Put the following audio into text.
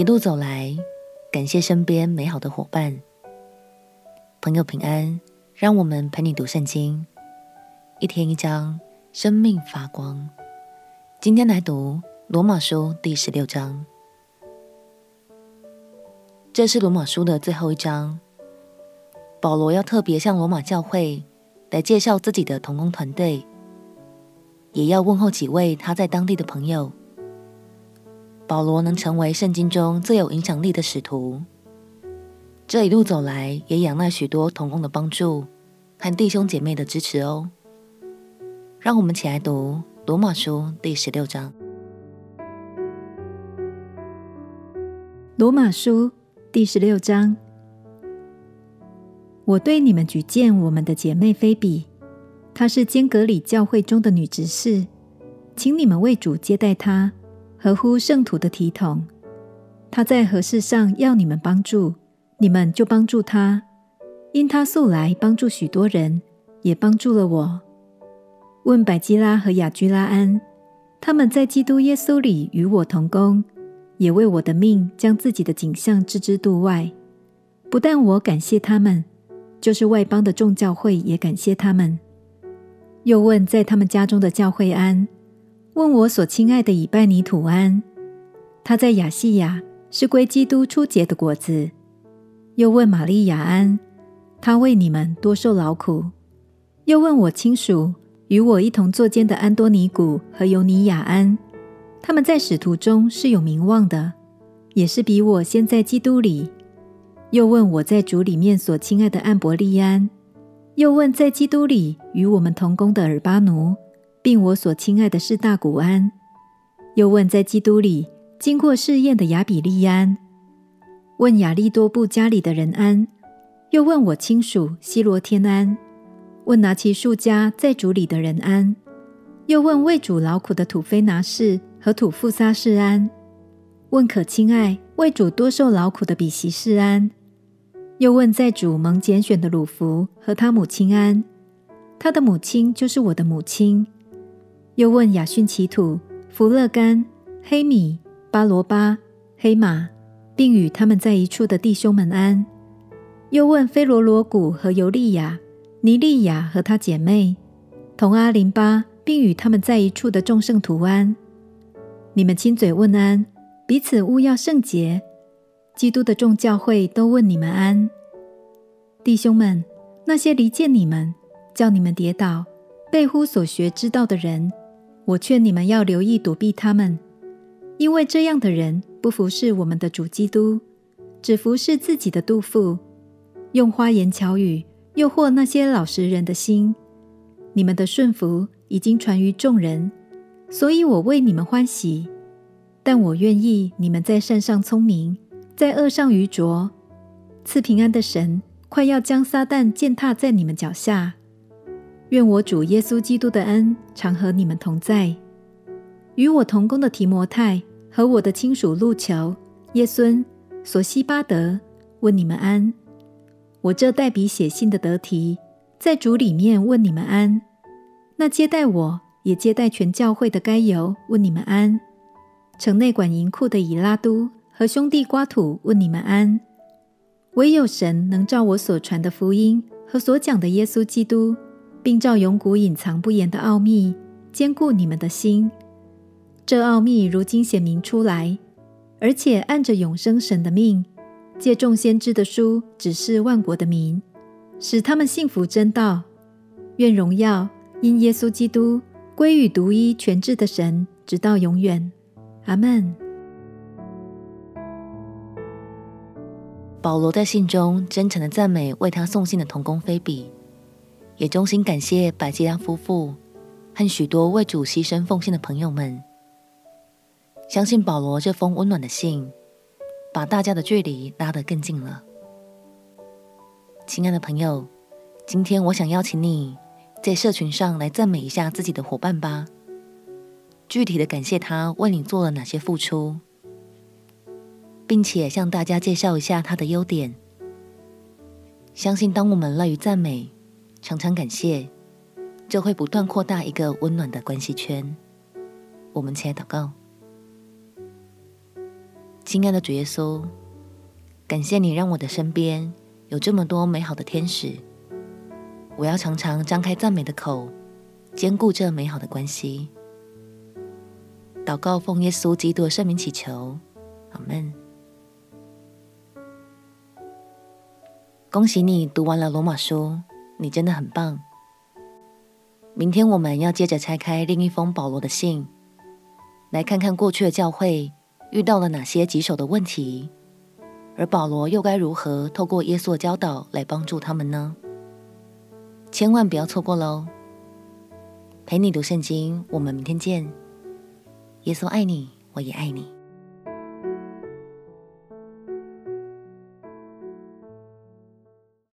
一路走來，感謝身邊美好的夥伴。朋友平安，讓我們陪你讀聖經，一天一章，生命發光。今天來讀《羅馬書》第十六章。這是《羅馬書》的最後一章。保羅要特別向羅馬教會來介紹自己的同工團隊，也要問候幾位他在當地的朋友。保羅能成為聖經中最有影響力的使徒，這一路走來也仰賴許多同工的幫助和弟兄姐妹的支持哦。讓我們一起來讀《羅馬書》第十六章。《羅馬書》第十六章，我對你們舉薦我們的姐妹菲比，她是堅革哩教會中的女執事，請你們為主接待她。合乎聖徒的體統，他在何事上要你們幫助，你們就幫助他，因他素來幫助許多人，也幫助了我。問百基拉和亞居拉安，他們在基督耶穌裡與我同工，也為我的命將自己的頸項置之度外。不但我感謝他們，就是外邦的眾教會也感謝他們。又問在他們家中的教會安。問我所親愛的以拜尼土安，他在亞西亞是歸基督初結的果子；又問瑪利亞安，他為你們多受勞苦；又問我親屬與我一同坐監的安多尼古和尤尼亞安，他們在使徒中是有名望的，也是比我先在基督裡；又問我在主裡面所親愛的安伯利安；又問在基督裡與我們同工的耳巴奴。並我所親愛的士大古安，又問在基督裡經過試驗的雅比利安，問亞利多布家裡的人安，又問我親屬希羅天安，問拿其數家在主裡的人安，又問為主勞苦的土非拿氏和土富撒氏安，問可親愛為主多受勞苦的彼息氏安，又問在主蒙揀選的魯孚和他母親安，他的母親就是我的母親。又問亞遜其土、弗勒干、黑米、巴羅巴、黑馬，並與他們在一處的弟兄們安。又問菲羅羅古和尤利亞、尼利亞和他姐妹，同阿林巴，並與他們在一處的眾聖徒安。你們親嘴問安，彼此務要聖潔。基督的眾教會都問你們安。弟兄們，那些離間你們、叫你們跌倒、背乎所學之道的人。我勸你們要留意躲避他們，因為這樣的人不服侍我們的主基督，只服侍自己的肚腹，用花言巧語誘惑那些老實人的心。你們的順服已經傳於眾人，所以我為你們歡喜。但我願意你們在善上聰明，在惡上愚拙。賜平安的神快要將撒旦踐踏在你們腳下。願我主耶穌基督的恩常和你們同在。與我同工的提摩太和我的親屬路求、耶孫、所西巴德問你們安。我這代筆寫信的得題，在主裡面問你們安。那接待我也接待全教會的該猶問你們安。城內管銀庫的以拉都和兄弟瓜土問你們安。唯有神能照我所傳的福音和所講的耶穌基督。並照永古隱藏不言的奧秘，堅固你們的心。這奧秘如今顯明出來，而且按着永生神的命，借眾先知的書指示萬國的民，使他們信服真道。願榮耀因耶穌基督歸與獨一全智的神，直到永遠。阿門。保羅在信中真誠的讚美為他送信的同工菲比。也衷心感謝百基拉夫婦和許多為主犧牲奉獻的朋友們。相信保羅這封溫暖的信，把大家的距離拉得更近了。親愛的朋友，今天我想邀請你在社群上來讚美一下自己的夥伴吧，具體的感謝他為你做了哪些付出，並且向大家介紹一下他的優點。相信當我們樂於讚美，常常感謝，就會不斷擴大一個溫暖的關係圈。我們起來禱告。親愛的主耶穌，感謝你讓我的身邊有這麼多美好的天使。我要常常張開讚美的口，堅固這美好的關係。禱告奉耶穌基督聖名祈求，阿門。恭喜你讀完了羅馬書。你真的很棒！明天我們要接着拆開另一封保羅的信，來看看過去的教會遇到了哪些棘手的問題，而保羅又該如何透過耶穌的教導來幫助他們呢？千萬不要錯過嘍！陪你讀聖經，我們明天見。耶穌愛你，我也愛你。